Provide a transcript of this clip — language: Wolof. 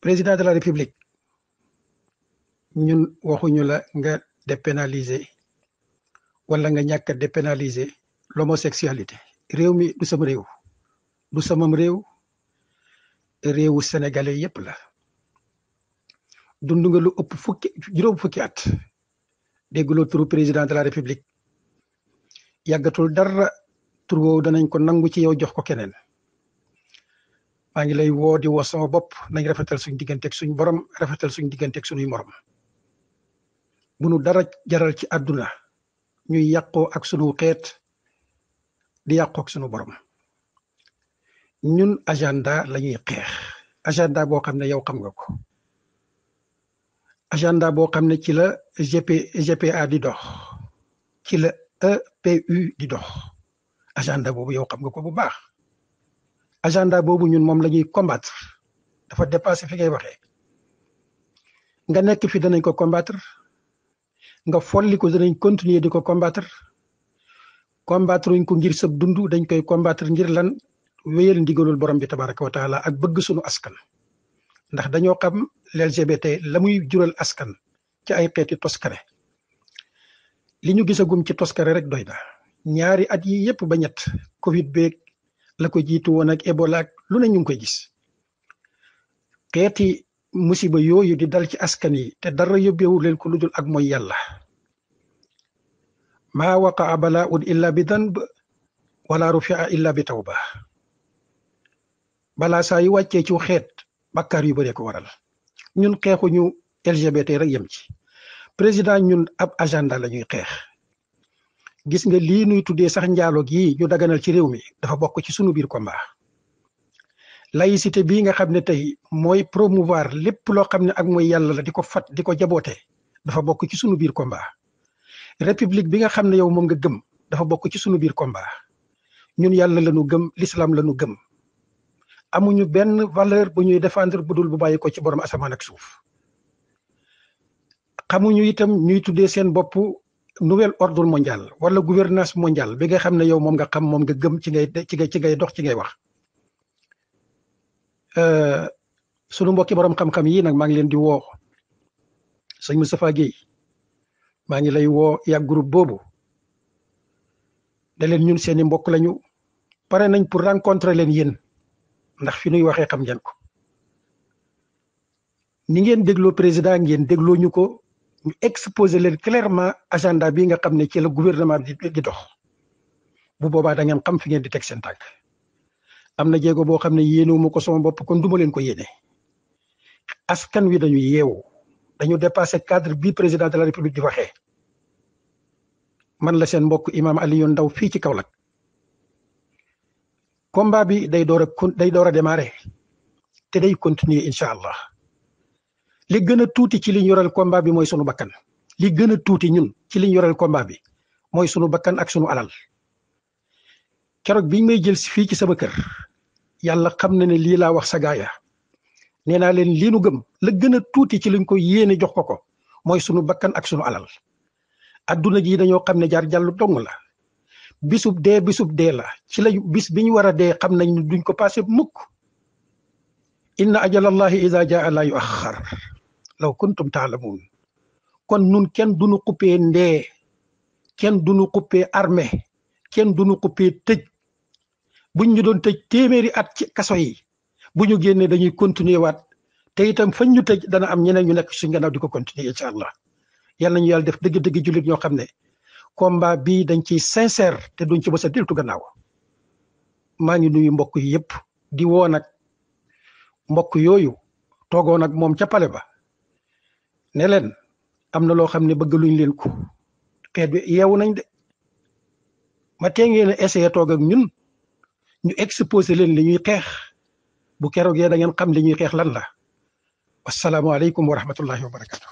président de la république ñun waxuñu la nga dépénaliser wala nga ñàkk a dépénaliser l'homosexualité réew mi du sama réew du samam réew réewu sénégalais yëpp la dund nga lu ëpp fukki juróom fukki at dégguloo turu président de la république yàggatul dara tur woowu danañ ko nangu ci yow jox ko keneen maa ngi lay woo di woo sama bopp nañ rafetal suñ digganteek suñ borom rafetal suñ digganteeg suñuy morom bu nu dara jaral ci àdduna ñuy yàqoo ak suñu xeet di yàqoo ak sunu borom ñun agenda lañuy ñuy agenda boo xam ne yow xam nga ko agenda boo xam ne ci la GP GPA di dox ci la EPU di dox agenda boobu yow xam nga ko bu baax agenda boobu ñun moom la ñuy combattre dafa dépasé fi ngay waxee nga nekk fi danañ ko combattre nga folli ko danañ continuer di ko combattre combattre wuñ ko ngir sëb dund dañ koy combattre ngir lan wéyal ndigalul borom bi tabaraka wa taala ak bëgg sunu askan ndax dañoo xam l'LGBT la muy jural askan ci ay xeeti toskare li ñu gisagum ci toskare rek doy na ñaari at yi yépp ba ñett covid beeg la ko jiitu woon ak Ebola ak lu ne ñu ngi koy gis xeeti musiba yooyu di dal ci askan yi te dara yóbbeewu leen ko ludul ak mooy yàlla maa waqaa balaaun illa bi danb wala rufia illa bi tawba bala saa yu wàccee ci xeet bakkaar yu bëree ko waral ñun xeexuñu LGBT rek yem ci président ñun ab agenda la ñuy xeex gis nga lii nuy tuddee sax njaaloo gi ñu daganal ci réew mi dafa bokk ci sunu biir combat laïcité bii nga xam ne tey mooy promouvoir lépp loo xam ne ak mooy yàlla la di ko fat di ko jaboote dafa bokk ci sunu biir combat république bi nga xam ne yow moom nga gëm dafa bokk ci sunu biir combat ñun yàlla la ñu gëm l'islam la ñu gëm amuñu benn valeur bu ñuy bu dul bu bàyyi ko ci borom asamaan ak suuf xamuñu itam ñuy tuddee seen bopp nouvel ordre mondial wala gouvernance mondial bi nga yo yow mom nga xam mom nga gëm ci ngay ci ngay ci ngay dox ci ngay wax euh, sunu mbokki borom xam-xam yi nak ma ngi len di wo sëñ Moustapha Guèye ma ngi lay wo ya groupe bobu da len ñun seeni mbokk lañu paré nañ pour rencontrer len yeen ndax fi nuy waxe xam ngeen ko ni ngeen deglo président ngeen deglo ñuko ñu exposer leen clairement agenda bi nga xam ne ci la gouvernement bi di dox bu boobaa da ngeen xam fi ngeen di teg seen tànk am na jéego boo xam ne yéenewuma ko sama bopp kon duma leen ko yéene askan wi dañu yeewu dañu dépassé cadre bi président de la république di waxee man la seen mbokk imam Aliou Ndaw fii ci kaw Kaolack combat bi day door a day door a démarrer te day continuer incha allah. li gën a tuuti ci liñ ñu yoreel combat bi mooy sunu bakkan li gën a tuuti ñun ci liñ ñu yoreel combat bi mooy sunu bakkan ak sunu alal keroog biñ may jël fii ci sama kër yàlla xam na ne lii laa wax sagaaya gaaya naa leen lii nu gëm la gën a tuuti ci liñ ko yéene jox ko ko mooy sunu bakkan ak sunu alal adduna ji dañoo xam ne jaar jàllu dong la bisub dee bisub dee la ci la bis bi ñu war a dee xam nañ duñ ko passé mukk inna ajalallahi ida jaa la yu axar law kuntum taalamun kon nun kenn duñu xuppee ndee kenn duñu xuppee armée kenn du nu xuppee tëj buñ ñu doon tëj téeméeri at ci kaso yi bu ñu génnee dañuy continuer waat te itam fañ ñu tëj dana am ñeneen ñu nekk suñ gannaaw di ko continuer incha allah yal nañu yàlla def dëgg-dëgg jullit ñoo xam ne combat bii dañ ciy sincère te duñ ci mës a deltu gannaaw maa ngi nuyu mbokk yi yëpp di woo nag mbokk yooyu toogoon ak moom ca pale ba ne leen am na loo xam ne bëgg luñ leen ko xeet bi yeewu nañ de ma tee ngeen essayé toog ak ñun ñu exposé leen li ñuy xeex bu keroog yee da ngeen xam li ñuy xeex lan la wasalaamaaleykum wa rahmatullahi wa barakatu